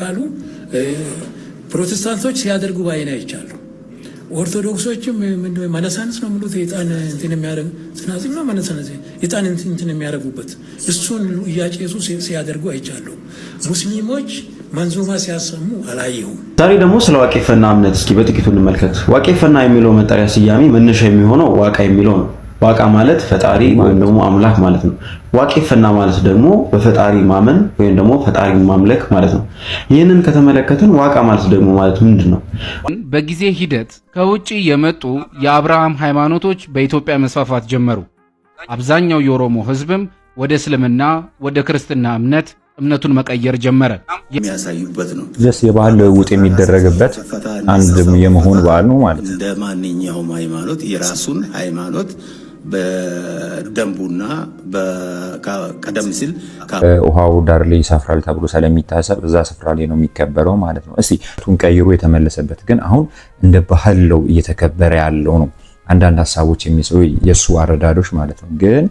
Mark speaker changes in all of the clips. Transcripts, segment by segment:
Speaker 1: ካሉ ፕሮቴስታንቶች ሲያደርጉ ባይን አይቻሉ። ኦርቶዶክሶችም ምንድነው መነሳንስ ነው የሚሉት የጣን እንትን የሚያደርጉ ጽናጽል ነው መነሳንስ የጣን እንትን የሚያደርጉበት እሱን እያጨሱ ሲያደርጉ አይቻሉ። ሙስሊሞች መንዙማ ሲያሰሙ አላየሁም።
Speaker 2: ዛሬ ደግሞ ስለ ዋቄፈና እምነት እስኪ በጥቂቱ እንመልከት። ዋቄፈና የሚለው መጠሪያ ስያሜ መነሻ የሚሆነው ዋቃ የሚለው ነው። ዋቃ ማለት ፈጣሪ ወይም ደግሞ አምላክ ማለት ነው። ዋቄፈና ማለት ደግሞ በፈጣሪ ማመን ወይም ደግሞ ፈጣሪ ማምለክ ማለት ነው። ይህንን ከተመለከትን ዋቃ ማለት ደግሞ ማለት ምንድን ነው?
Speaker 3: በጊዜ ሂደት ከውጭ የመጡ የአብርሃም ሃይማኖቶች በኢትዮጵያ መስፋፋት ጀመሩ። አብዛኛው የኦሮሞ ህዝብም ወደ እስልምና፣ ወደ ክርስትና እምነት እምነቱን መቀየር ጀመረ።
Speaker 2: የሚያሳዩበት ነው። ደስ የባህል ልውውጥ የሚደረግበት አንድ የመሆን በዓል ነው ማለት ነው።
Speaker 1: እንደ ማንኛውም ሃይማኖት የራሱን ሃይማኖት በደንቡና ቀደም ሲል
Speaker 2: ውሃው ዳር ላይ ይሰፍራል ተብሎ ስለሚታሰብ እዛ ስፍራ ላይ ነው የሚከበረው ማለት ነው። እስቲ ቱን ቀይሮ የተመለሰበት ግን አሁን እንደ ባህል ነው እየተከበረ ያለው ነው። አንዳንድ ሀሳቦች የሚጽሩ የእሱ አረዳዶች ማለት ነው። ግን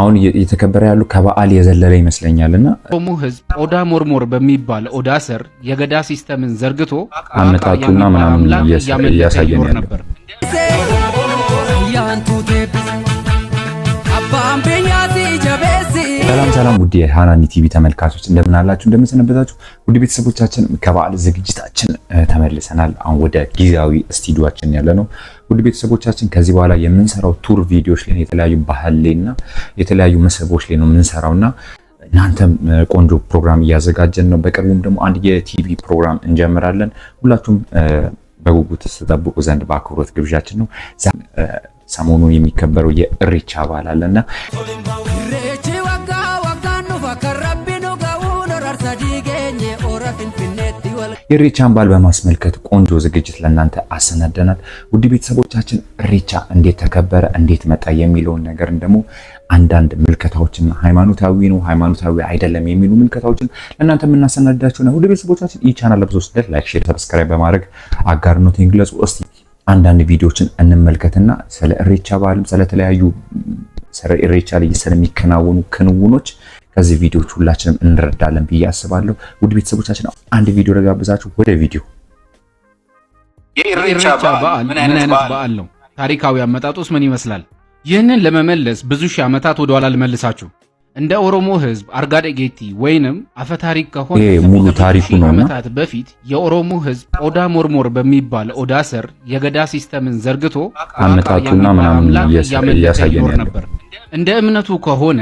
Speaker 2: አሁን እየተከበረ ያሉ ከበዓል የዘለለ ይመስለኛል እና
Speaker 3: ኦሞ ህዝብ ኦዳ ሞርሞር በሚባል ኦዳ ስር የገዳ ሲስተምን ዘርግቶ
Speaker 2: አመጣጡና ምናምን እያሳየን ነበር። ሰላም ሰላም ውድ የሃናኒ ቲቪ ተመልካቾች እንደምን አላችሁ? እንደምን ሰነበታችሁ? ውድ ቤተሰቦቻችን ከበዓል ዝግጅታችን ተመልሰናል። አሁን ወደ ጊዜያዊ ስቱዲዮችን ያለ ነው። ውድ ቤተሰቦቻችን ከዚህ በኋላ የምንሰራው ቱር ቪዲዮዎች ላይ የተለያዩ ባህል እና የተለያዩ መስህቦች ላይ ነው የምንሰራውና እናንተም ቆንጆ ፕሮግራም እያዘጋጀን ነው። በቅርቡም ደግሞ አንድ የቲቪ ፕሮግራም እንጀምራለን። ሁላችሁም በጉጉት ተጠብቁ ዘንድ በአክብሮት ግብዣችን ነው። ሰሞኑን የሚከበረው የእሬቻ በዓል አለና የሬቻን በዓል በማስመልከት ቆንጆ ዝግጅት ለእናንተ አሰናደናል። ውድ ቤተሰቦቻችን ሬቻ እንዴት ተከበረ፣ እንዴት መጣ የሚለውን ነገርን ደግሞ አንዳንድ ምልከታዎችና ሃይማኖታዊ ነው ሃይማኖታዊ አይደለም የሚሉ ምልከታዎችን ለእናንተ የምናሰናዳቸው ነው። ውድ ቤተሰቦቻችን ይህ ቻናል ለብዙ ስደት ላይክ፣ ሼር፣ ሰብስክራይብ በማድረግ አጋርነትን ይግለጹ። እስቲ አንዳንድ ቪዲዮዎችን እንመልከትና ስለ እሬቻ ባህልም ስለተለያዩ እሬቻ ላይ ስለሚከናወኑ ክንውኖች ከዚህ ቪዲዮዎች ሁላችንም እንረዳለን ብዬ አስባለሁ። ውድ ቤተሰቦቻችን አንድ ቪዲዮ ለጋብዛችሁ ወደ ቪዲዮ።
Speaker 3: የእሬቻ በዓል ምን አይነት በዓል ነው? ታሪካዊ አመጣጡስ ምን ይመስላል? ይህንን ለመመለስ ብዙ ሺህ ዓመታት ወደኋላ ልመልሳችሁ። እንደ ኦሮሞ ህዝብ አርጋዴ ጌቲ ወይንም
Speaker 2: አፈታሪክ ከሆነ ሙሉ ታሪኩ ነው። ዓመታት በፊት
Speaker 3: የኦሮሞ ህዝብ ኦዳ ሞርሞር በሚባል ኦዳ ስር የገዳ ሲስተምን ዘርግቶ
Speaker 2: አመጣቱና ምናምን እያሳየን ነበር።
Speaker 3: እንደ እምነቱ ከሆነ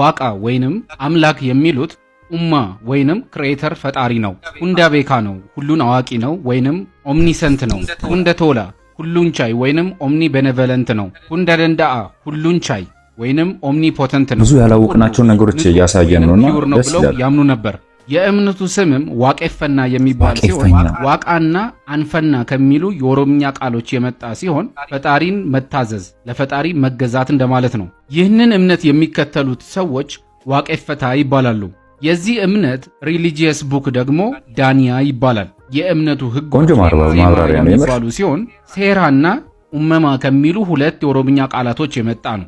Speaker 3: ዋቃ ወይንም አምላክ የሚሉት ኡማ ወይንም ክሬተር ፈጣሪ ነው። ሁንዳ ቤካ ነው፣ ሁሉን አዋቂ ነው ወይንም ኦምኒሰንት ነው። ሁንደ ቶላ ሁሉን ቻይ ወይንም ኦምኒ ቤኔቨለንት ነው። ሁንደ ደንዳአ ሁሉን ቻይ ወይንም ኦምኒፖተንት ነው፣
Speaker 2: ብዙ ያላወቅናቸውን ነገሮች እያሳየን
Speaker 3: ነውና ደስ ይላል። ያምኑ ነበር። የእምነቱ ስምም ዋቄፈና የሚባል ሲሆን ዋቃና አንፈና ከሚሉ የኦሮምኛ ቃሎች የመጣ ሲሆን ፈጣሪን መታዘዝ፣ ለፈጣሪ መገዛት እንደማለት ነው። ይህንን እምነት የሚከተሉት ሰዎች ዋቄፈታ ይባላሉ። የዚህ እምነት ሪሊጂየስ ቡክ ደግሞ ዳንያ ይባላል። የእምነቱ ህግ
Speaker 2: ማብራሪያ ነው የሚባሉ ሲሆን
Speaker 3: ሴራና ኡመማ ከሚሉ ሁለት የኦሮምኛ ቃላቶች የመጣ ነው።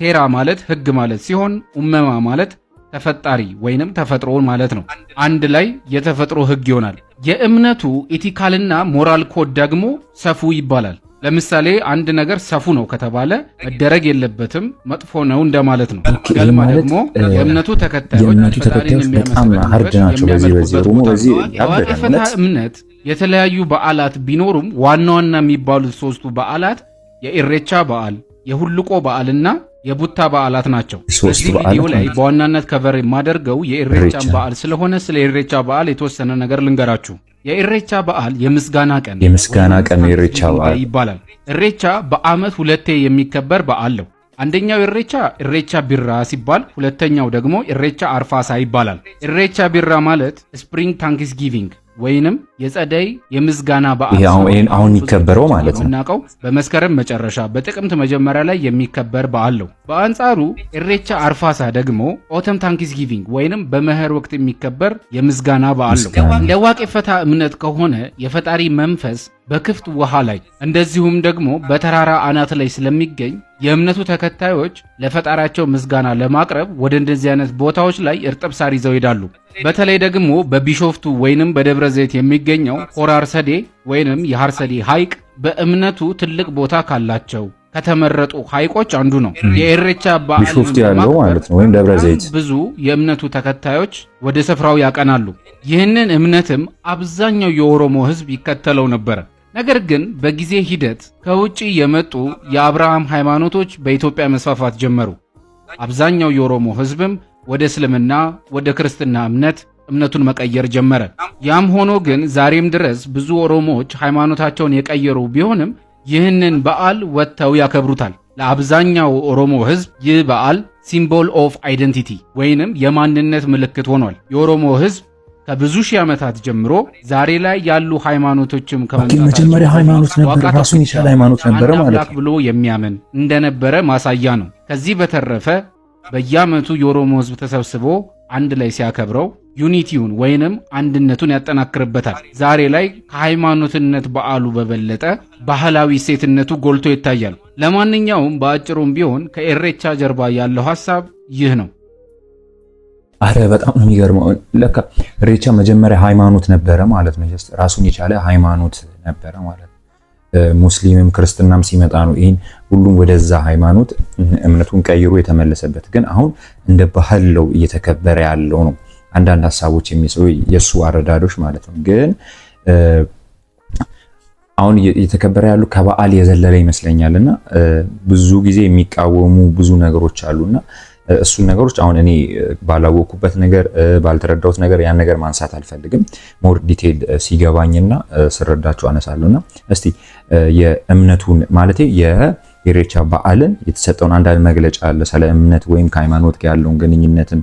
Speaker 3: ቴራ ማለት ህግ ማለት ሲሆን ኡመማ ማለት ተፈጣሪ ወይንም ተፈጥሮ ማለት ነው። አንድ ላይ የተፈጥሮ ህግ ይሆናል። የእምነቱ ኤቲካልና ሞራል ኮድ ደግሞ ሰፉ ይባላል። ለምሳሌ አንድ ነገር ሰፉ ነው ከተባለ መደረግ የለበትም መጥፎ ነው እንደማለት ነው።
Speaker 2: ገልማ ደግሞ የእምነቱ ተከታዮች ፈጣሪን በዚህ
Speaker 3: በአለፈታ እምነት የተለያዩ በዓላት ቢኖሩም ዋና ዋና የሚባሉት ሶስቱ በዓላት የኢሬቻ በዓል፣ የሁልቆ በዓልና የቡታ በዓላት ናቸው።
Speaker 2: በዚህ ቪዲዮ ላይ በዋናነት
Speaker 3: ከቨር የማደርገው የኢሬቻን በዓል ስለሆነ ስለ ኢሬቻ በዓል የተወሰነ ነገር ልንገራችሁ። የኢሬቻ በዓል የምስጋና ቀን
Speaker 2: የምስጋና ቀን የኢሬቻ በዓል ይባላል።
Speaker 3: ኢሬቻ በዓመት ሁለቴ የሚከበር በዓል ነው። አንደኛው ኢሬቻ ኢሬቻ ቢራ ሲባል ሁለተኛው ደግሞ ኢሬቻ አርፋሳ ይባላል። ኢሬቻ ቢራ ማለት ስፕሪንግ ታንክስ ጊቪንግ ወይንም የጸደይ የምስጋና
Speaker 2: በዓል አሁን የሚከበረው ማለት ነው እናውቀው
Speaker 3: በመስከረም መጨረሻ በጥቅምት መጀመሪያ ላይ የሚከበር በዓል ነው። በአንጻሩ ኢሬቻ አርፋሳ ደግሞ ኦተም ታንክስ ጊቪንግ ወይንም በመኸር ወቅት የሚከበር የምስጋና በዓል ነው። እንደ ዋቄ እምነት ከሆነ የፈጣሪ መንፈስ በክፍት ውሃ ላይ እንደዚሁም ደግሞ በተራራ አናት ላይ ስለሚገኝ የእምነቱ ተከታዮች ለፈጣሪያቸው ምስጋና ለማቅረብ ወደ እንደዚህ አይነት ቦታዎች ላይ እርጥብ ሳር ይዘው ይሄዳሉ። በተለይ ደግሞ በቢሾፍቱ ወይንም በደብረ ዘይት የሚገኝ የሚገኘው ሆራ አርሰዴ ወይንም የሀርሰዴ ሐይቅ በእምነቱ ትልቅ ቦታ ካላቸው ከተመረጡ ሐይቆች አንዱ ነው።
Speaker 2: የኤሬቻ ቢሾፍቱ ያለው ማለት
Speaker 3: ነው ወይም ደብረ ዘይት ብዙ የእምነቱ ተከታዮች ወደ ስፍራው ያቀናሉ። ይህንን እምነትም አብዛኛው የኦሮሞ ሕዝብ ይከተለው ነበረ። ነገር ግን በጊዜ ሂደት ከውጭ የመጡ የአብርሃም ሃይማኖቶች በኢትዮጵያ መስፋፋት ጀመሩ። አብዛኛው የኦሮሞ ሕዝብም ወደ እስልምና፣ ወደ ክርስትና እምነት እምነቱን መቀየር ጀመረ። ያም ሆኖ ግን ዛሬም ድረስ ብዙ ኦሮሞዎች ሃይማኖታቸውን የቀየሩ ቢሆንም ይህንን በዓል ወጥተው ያከብሩታል። ለአብዛኛው ኦሮሞ ህዝብ ይህ በዓል ሲምቦል ኦፍ አይደንቲቲ ወይንም የማንነት ምልክት ሆኗል። የኦሮሞ ህዝብ ከብዙ ሺህ ዓመታት ጀምሮ ዛሬ ላይ ያሉ ሃይማኖቶችም
Speaker 2: መጀመሪያ ሃይማኖት ነበር፣ ራሱን የቻለ ሃይማኖት
Speaker 3: ነበረ ማለት ብሎ የሚያምን እንደነበረ ማሳያ ነው። ከዚህ በተረፈ በየዓመቱ የኦሮሞ ህዝብ ተሰብስቦ አንድ ላይ ሲያከብረው ዩኒቲውን ወይንም አንድነቱን ያጠናክርበታል። ዛሬ ላይ ከሃይማኖትነት በዓሉ በበለጠ ባህላዊ ሴትነቱ ጎልቶ ይታያል። ለማንኛውም በአጭሩም ቢሆን ከኤሬቻ ጀርባ ያለው ሀሳብ ይህ ነው።
Speaker 2: አረ በጣም ነው የሚገርመው። ለካ ኢሬቻ መጀመሪያ ሃይማኖት ነበረ ማለት ነው። ራሱን የቻለ ሃይማኖት ነበረ ማለት ነው። ሙስሊምም ክርስትናም ሲመጣ ነው ይህን ሁሉም ወደዛ ሃይማኖት እምነቱን ቀይሮ የተመለሰበት። ግን አሁን እንደ ባህል ነው እየተከበረ ያለው ነው አንዳንድ ሀሳቦች የሚጽፉ የእሱ አረዳዶች ማለት ነው። ግን አሁን እየተከበረ ያሉ ከበዓል የዘለለ ይመስለኛል እና ብዙ ጊዜ የሚቃወሙ ብዙ ነገሮች አሉና እሱን ነገሮች አሁን እኔ ባላወቅኩበት ነገር ባልተረዳሁት ነገር ያን ነገር ማንሳት አልፈልግም። ሞር ዲቴል ሲገባኝና ስረዳቸው አነሳለሁና እስቲ የእምነቱን ማለት የኢሬቻ በዓልን የተሰጠውን አንዳንድ መግለጫ አለ ስለ እምነት ወይም ከሃይማኖት ጋር ያለውን ግንኙነትን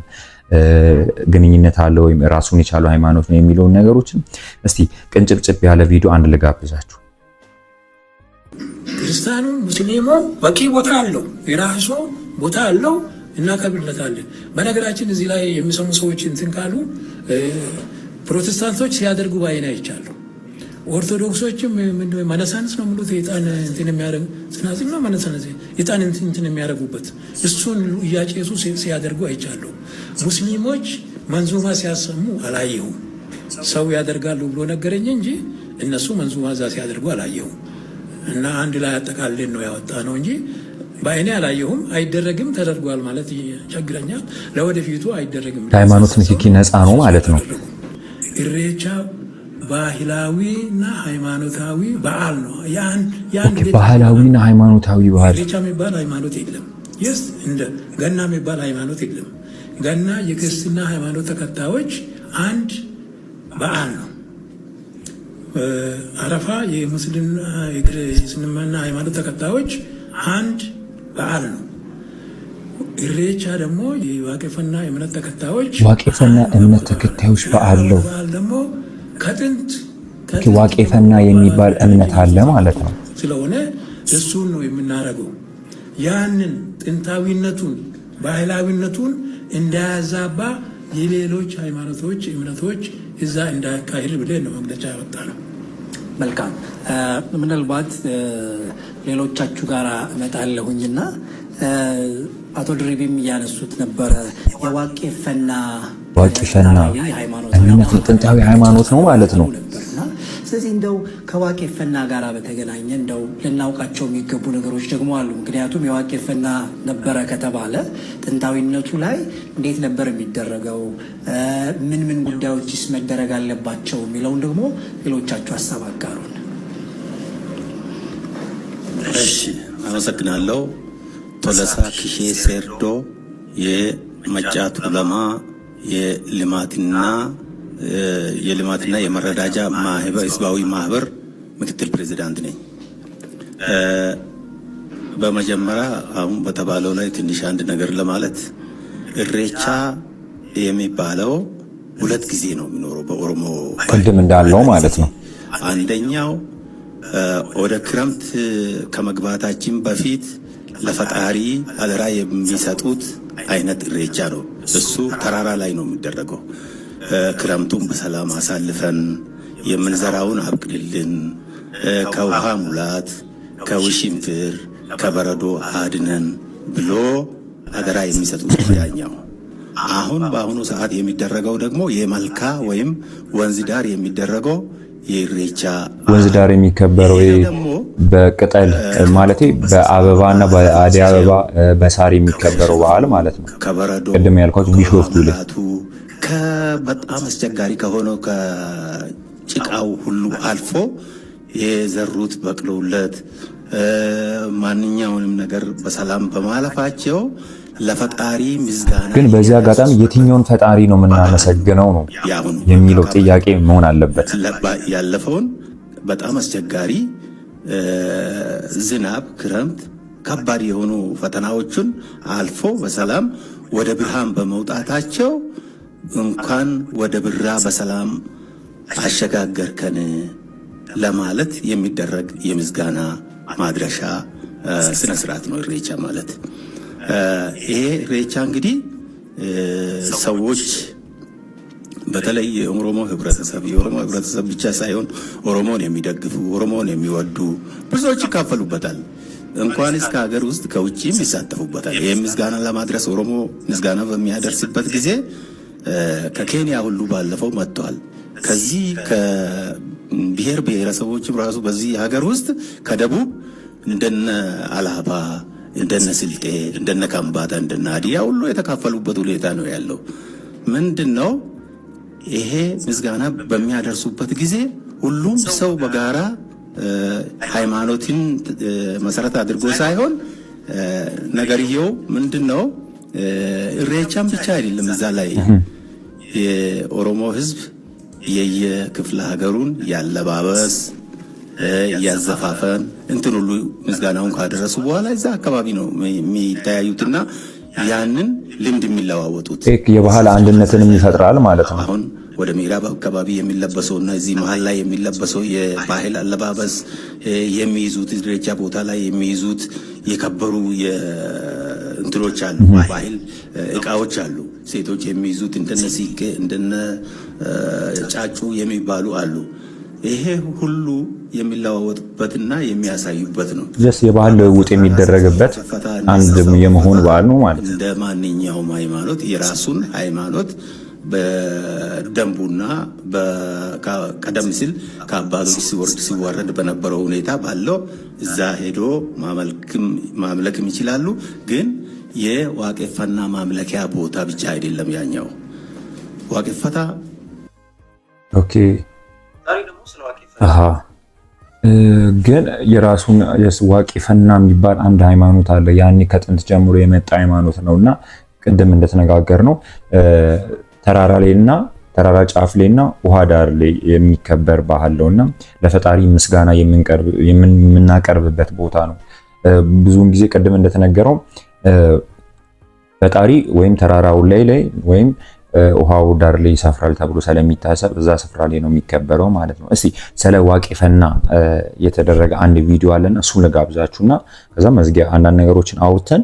Speaker 2: ግንኙነት አለው ወይም ራሱን የቻሉ ሃይማኖት ነው የሚለውን ነገሮችን እስቲ ቅንጭብጭብ ያለ ቪዲዮ አንድ ልጋብዛችሁ።
Speaker 1: ክርስቲያኑ ሙስሊሙ በቂ ቦታ አለው፣ የራሱ ቦታ አለው፣ እናከብርለታለን። በነገራችን እዚህ ላይ የሚሰሙ ሰዎች እንትን ካሉ ፕሮቴስታንቶች ሲያደርጉ ባይን አይቻለሁ ኦርቶዶክሶችም መነሳንስ ነው ምሉት የጣን እንትን የሚያደርጉ ጽናጽል ነው መነሳንስ የጣን እንትን የሚያደርጉበት እሱን እያጨሱ ሲያደርጉ አይቻሉ። ሙስሊሞች መንዙማ ሲያሰሙ አላየሁ። ሰው ያደርጋሉ ብሎ ነገረኝ እንጂ እነሱ መንዙማ እዛ ሲያደርጉ አላየሁ። እና አንድ ላይ አጠቃልን ነው ያወጣ ነው እንጂ በአይኔ አላየሁም። አይደረግም ተደርጓል ማለት ቸግረኛል። ለወደፊቱ አይደረግም።
Speaker 2: ሃይማኖት ንክኪ ነፃ ነው ማለት ነው።
Speaker 1: ኢሬቻ ባህላዊና ሃይማኖታዊ በዓል ነው።
Speaker 2: ባህላዊና ሃይማኖታዊ በዓል
Speaker 1: ኢሬቻ የሚባል ሃይማኖት የለም። ይስ እንደ ገና የሚባል ሃይማኖት የለም። ገና የክርስትና ሃይማኖት ተከታዮች አንድ በዓል ነው። አረፋ የእስልምና ሃይማኖት ተከታዮች አንድ በዓል ነው። ደግሞ የዋቄፈና እምነት ተከታዮች
Speaker 2: ዋቄፈና እምነት ተከታዮች በዓል ነው ከጥንት ፈና የሚባል እምነት አለ ማለት ነው።
Speaker 1: ስለሆነ እሱን ነው የምናደርገው። ያንን ጥንታዊነቱን ባህላዊነቱን እንዳያዛባ የሌሎች ሃይማኖቶች እምነቶች እዛ እንዳያካሂድ ብለን ነው መግለጫ ያወጣ ነው። መልካም ምናልባት ሌሎቻችሁ ጋር እመጣለሁኝና አቶ ድሪቢም እያነሱት ነበረ የዋቄ ፈና
Speaker 2: ዋቂፈና እምነቱ ጥንታዊ ሃይማኖት ነው ማለት ነው።
Speaker 1: ስለዚህ እንደው ፈና ጋር በተገናኘ እንደው ልናውቃቸው የሚገቡ ነገሮች ደግሞ አሉ። ምክንያቱም የዋቂ ፈና ነበረ ከተባለ ጥንታዊነቱ ላይ እንዴት ነበር የሚደረገው፣ ምን ምን ጉዳዮችስ መደረግ አለባቸው የሚለውን ደግሞ ሌሎቻቸው ሀሳብ አጋሩን።
Speaker 4: እሺ፣ አመሰግናለሁ። ቶለሳ ኪሼ ሴርዶ የመጫት ለማ የልማትና የልማትና የመረዳጃ ህዝባዊ ማህበር ምክትል ፕሬዚዳንት ነኝ። በመጀመሪያ አሁን በተባለው ላይ ትንሽ አንድ ነገር ለማለት እሬቻ የሚባለው ሁለት ጊዜ ነው የሚኖረው በኦሮሞ
Speaker 2: ቅድም እንዳለው ማለት ነው።
Speaker 4: አንደኛው ወደ ክረምት ከመግባታችን በፊት ለፈጣሪ አደራ የሚሰጡት አይነት እሬቻ ነው። እሱ ተራራ ላይ ነው የሚደረገው። ክረምቱን በሰላም አሳልፈን የምንዘራውን አብቅልልን፣ ከውሃ ሙላት፣ ከውሽንፍር፣ ከበረዶ አድነን ብሎ አደራ የሚሰጡት ያኛው። አሁን በአሁኑ ሰዓት የሚደረገው ደግሞ የመልካ ወይም ወንዝ ዳር የሚደረገው
Speaker 2: ወንዝ ዳር የሚከበረው በቅጠል ማለት በአበባ በአበባና በአደይ አበባ በሳር የሚከበረው በዓል ማለት ነው። ቅድም ያልኳቸው ቢሾፍቱ ላይ
Speaker 4: በጣም አስቸጋሪ ከሆነው ከጭቃው ሁሉ አልፎ የዘሩት በቅሎለት ማንኛውንም ነገር በሰላም በማለፋቸው ለፈጣሪ ምስጋና
Speaker 2: ግን በዚህ አጋጣሚ የትኛውን ፈጣሪ ነው የምናመሰግነው ነው የሚለው ጥያቄ መሆን አለበት።
Speaker 4: ያለፈውን በጣም አስቸጋሪ ዝናብ፣ ክረምት፣ ከባድ የሆኑ ፈተናዎችን አልፎ በሰላም ወደ ብርሃን በመውጣታቸው እንኳን ወደ ብራ በሰላም አሸጋገርከን ለማለት የሚደረግ የምስጋና ማድረሻ ስነስርዓት ነው ኢሬቻ ማለት። ይሄ ሬቻ እንግዲህ ሰዎች በተለይ የኦሮሞ ህብረተሰብ የኦሮሞ ህብረተሰብ ብቻ ሳይሆን ኦሮሞን የሚደግፉ ኦሮሞን የሚወዱ ብዙዎች ይካፈሉበታል። እንኳን እስከ ሀገር ውስጥ ከውጭም ይሳተፉበታል። ይህ ምስጋና ለማድረስ ኦሮሞ ምስጋና በሚያደርስበት ጊዜ ከኬንያ ሁሉ ባለፈው መጥተዋል። ከዚህ ከብሔር ብሔረሰቦችም ራሱ በዚህ ሀገር ውስጥ ከደቡብ እንደነ አላባ እንደነ ስልጤ፣ እንደነ ካምባታ፣ እንደነ ሀዲያ ሁሉ የተካፈሉበት ሁኔታ ነው ያለው። ምንድን ነው ይሄ ምስጋና በሚያደርሱበት ጊዜ ሁሉም ሰው በጋራ ሃይማኖትን መሰረት አድርጎ ሳይሆን ነገርየው ምንድን ነው እሬቻም ብቻ አይደለም። እዛ ላይ የኦሮሞ ህዝብ የየክፍለ ሀገሩን ያለባበስ ያዘፋፈን እንትን ሁሉ ምስጋናውን ካደረሱ በኋላ እዛ አካባቢ ነው የሚተያዩትና ያንን ልምድ የሚለዋወጡት
Speaker 2: የባህል አንድነትን ይፈጥራል ማለት ነው። አሁን
Speaker 4: ወደ ምዕራብ አካባቢ የሚለበሰው እና እዚህ መሀል ላይ የሚለበሰው የባህል አለባበስ የሚይዙት ኢሬቻ ቦታ ላይ የሚይዙት የከበሩ እንትኖች አሉ፣ ባህል እቃዎች አሉ። ሴቶች የሚይዙት እንደነ ሲቄ እንደነ ጫጩ የሚባሉ አሉ። ይሄ ሁሉ የሚለዋወጡበትና የሚያሳዩበት ነው።
Speaker 2: ጀስት የባህል ልውውጥ የሚደረግበት አንድ የመሆን በዓል ነው ማለት
Speaker 1: ነው። እንደ ማንኛውም ሃይማኖት የራሱን ሃይማኖት በደንቡና ቀደም ሲል ከአባቶች ሲወርድ ሲዋረድ በነበረው ሁኔታ ባለው እዛ ሄዶ ማምለክም ይችላሉ። ግን የዋቄፈና ማምለኪያ ቦታ ብቻ አይደለም ያኛው ዋቄፈታ
Speaker 2: ኦኬ ግን የራሱን ዋቂፈና የሚባል አንድ ሃይማኖት አለ። ያኔ ከጥንት ጀምሮ የመጣ ሃይማኖት ነው እና ቅድም እንደተነጋገር ነው ተራራ ላይና ተራራ ጫፍ ላይና ውሃ ዳር ላይ የሚከበር ባህል ነው እና ለፈጣሪ ምስጋና የምናቀርብበት ቦታ ነው። ብዙውን ጊዜ ቅድም እንደተነገረው ፈጣሪ ወይም ተራራው ላይ ላይ ወይም ውሃው ዳር ላይ ይሰፍራል ተብሎ ስለሚታሰብ እዛ ስፍራ ላይ ነው የሚከበረው ማለት ነው። እስቲ ስለ ዋቄፈና የተደረገ አንድ ቪዲዮ አለና እሱን ለጋብዛችሁና ከዛ መዝጊያ አንዳንድ ነገሮችን አውተን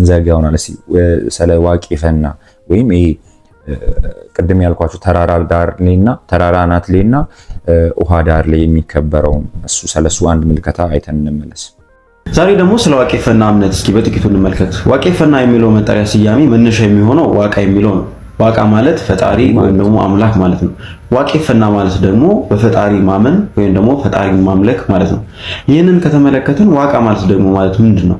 Speaker 2: እንዘጋ ይሆናል። እስቲ ስለ ዋቄፈና ወይም ይሄ ቅድም ያልኳችሁ ተራራ ዳር ላይና ተራራ አናት ላይና ውሃ ዳር ላይ የሚከበረውን እሱ ስለሱ አንድ ምልከታ አይተን እንመለስ። ዛሬ ደግሞ ስለ ዋቄፈና እምነት እስኪ በጥቂቱ እንመልከት። ዋቄፈና የሚለው መጠሪያ ስያሜ መነሻ የሚሆነው ዋቃ የሚለው ነው። ዋቃ ማለት ፈጣሪ ወይም ደግሞ አምላክ ማለት ነው። ዋቄፈና ማለት ደግሞ በፈጣሪ ማመን ወይም ደግሞ ፈጣሪ ማምለክ ማለት ነው። ይህንን ከተመለከትን ዋቃ ማለት ደግሞ ማለት ምንድን ነው?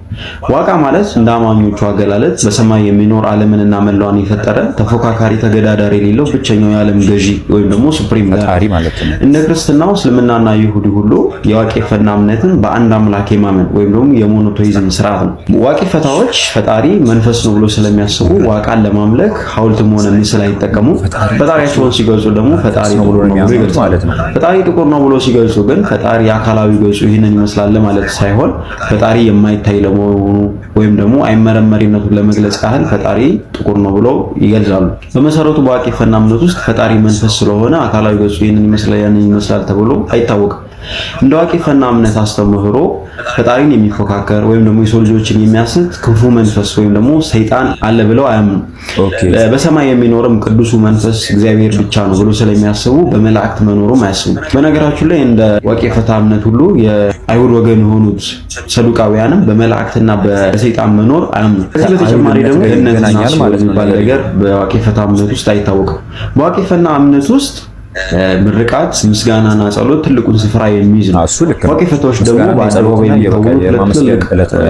Speaker 2: ዋቃ ማለት እንደ አማኞቹ አገላለጥ በሰማይ የሚኖር ዓለምንና መላዋን የፈጠረ ተፎካካሪ፣ ተገዳዳሪ የሌለው ብቸኛው የዓለም ገዢ ወይም ደግሞ ሱፕሪም ፈጣሪ ማለት ነው። እንደ ክርስትናው፣ እስልምናና ይሁዲ ሁሉ የዋቄፈና እምነትን በአንድ አምላክ የማመን ወይም ደግሞ የሞኖቶይዝም ስርዓት ነው። ዋቄፈታዎች ፈጣሪ መንፈስ ነው ብሎ ስለሚያስቡ ዋቃን ለማምለክ ሐውልትም ሆነ ምስል አይጠቀሙም። ፈጣሪያቸውን ሲገልጹ ደግሞ ፈጣሪ ነው ብሎ የሚያምኑት ማለት ነው። ፈጣሪ ጥቁር ነው ብሎ ሲገልጹ ግን ፈጣሪ አካላዊ ገጹ ይህንን ይመስላል ማለት ሳይሆን ፈጣሪ የማይታይ ለመሆኑ ወይም ደግሞ አይመረመሪነቱን ለመግለጽ ያህል ፈጣሪ ጥቁር ነው ብለው ይገልጻሉ። በመሰረቱ በአቂፈና እምነት ውስጥ ፈጣሪ መንፈስ ስለሆነ አካላዊ ገጹ ይህንን ይመስላል ያንን ይመስላል ተብሎ አይታወቅም። እንደ ዋቄፈና እምነት አስተምህሮ ፈጣሪን የሚፎካከር ወይም ደግሞ የሰው ልጆችን የሚያስት ክፉ መንፈስ ወይም ደግሞ ሰይጣን አለ ብለው አያምኑ። በሰማይ የሚኖርም ቅዱሱ መንፈስ እግዚአብሔር ብቻ ነው ብሎ ስለሚያስቡ በመላእክት መኖሩም አያስቡ። በነገራችሁ ላይ እንደ ዋቄፈታ እምነት ሁሉ የአይሁድ ወገን የሆኑት ሰዱቃውያንም በመላእክትና በሰይጣን መኖር አያምኑ። ከዚህ በተጨማሪ ደግሞ ገነትና የሚባል ነገር በዋቄፈታ እምነት ውስጥ አይታወቅም። በዋቄፈና እምነት ውስጥ ምርቃት፣ ምስጋናና ጸሎት ትልቁን ስፍራ የሚይዝ ነው። ዋቂ ፈታዎች ደግሞ በአደባባይ የሚታወቁ ትልቅ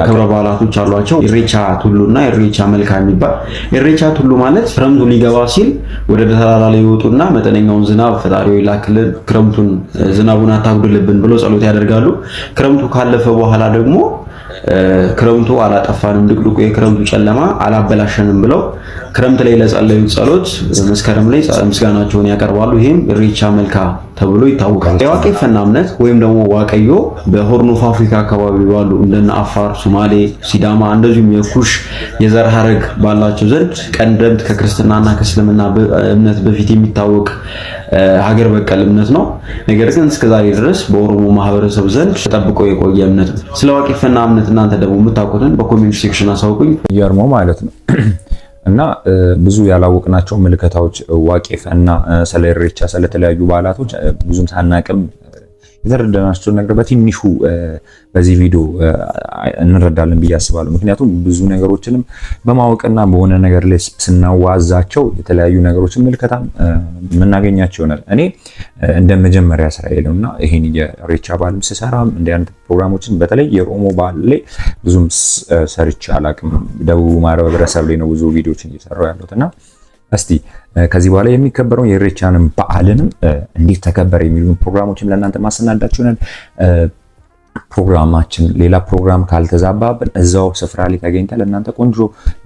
Speaker 2: ክብረ በዓላቶች አሏቸው። ኢሬቻ ቱሉና ኢሬቻ መልካ የሚባል ኢሬቻ ቱሉ ማለት ክረምቱ ሊገባ ሲል ወደ ተራራ ላይ ይወጡና መጠነኛውን ዝናብ ፈጣሪ ላክልን፣ ክረምቱን ዝናቡን አታጉድልብን ብሎ ጸሎት ያደርጋሉ። ክረምቱ ካለፈ በኋላ ደግሞ ክረምቱ አላጠፋንም፣ ድቅድቁ የክረምቱ ጨለማ አላበላሸንም ብለው ክረምት ላይ ለጸለዩት ጸሎት መስከረም ላይ ምስጋናቸውን ያቀርባሉ። ይህም ኢሬቻ መልካ ተብሎ ይታወቃል። የዋቄ ፈና እምነት ወይም ደግሞ ዋቀዮ በሆርን ኦፍ አፍሪካ አካባቢ ባሉ እንደነ አፋር፣ ሶማሌ፣ ሲዳማ እንደዚሁም የኩሽ የዘር ሀረግ ባላቸው ዘንድ ቀደምት ከክርስትናና ከእስልምና እምነት በፊት የሚታወቅ ሀገር በቀል እምነት ነው። ነገር ግን እስከዛሬ ድረስ በኦሮሞ ማህበረሰብ ዘንድ ተጠብቆ የቆየ እምነት ነው። ስለ ዋቄፈና እምነት እናንተ ደግሞ የምታውቁትን በኮሜንት ሴክሽን አሳውቁኝ። እየርሞ ማለት ነው እና ብዙ ያላወቅናቸው ምልከታዎች ዋቄፈና፣ ስለ ኢሬቻ፣ ስለተለያዩ በዓላቶች ብዙም ሳናቅም የተረዳናቸውን ነገር በትንሹ በዚህ ቪዲዮ እንረዳለን ብዬ አስባለሁ። ምክንያቱም ብዙ ነገሮችንም በማወቅና በሆነ ነገር ላይ ስናዋዛቸው የተለያዩ ነገሮችን ምልከታም የምናገኛቸው ይሆናል። እኔ እንደ መጀመሪያ ስራ የለው ይህን የሬቻ በዓልም ስሰራም እንደ አይነት ፕሮግራሞችን በተለይ የኦሮሞ በዓል ላይ ብዙም ሰርቼ አላቅም። ደቡብ ማህበረሰብ ላይ ነው ብዙ ቪዲዮችን እየሰራሁ ያለሁት እና እስቲ ከዚህ በኋላ የሚከበረውን የኢሬቻንም በዓልንም እንዴት ተከበረ የሚሉ ፕሮግራሞችን ለእናንተ ነን። ፕሮግራማችን ሌላ ፕሮግራም ካልተዛባብን እዛው ስፍራ ላይ ተገኝተን ለእናንተ ቆንጆ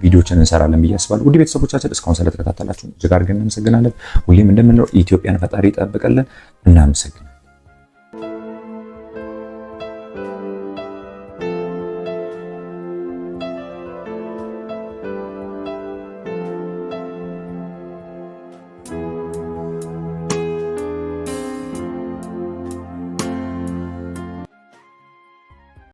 Speaker 2: ቪዲዮችን እንሰራለን ብዬ አስባለሁ። ውድ ቤተሰቦቻችን እስካሁን ስለተከታተላችሁ እጅግ አድርገን እናመሰግናለን። ሁሌም እንደምንለው ኢትዮጵያን ፈጣሪ ይጠብቅልን። እናመሰግናለን።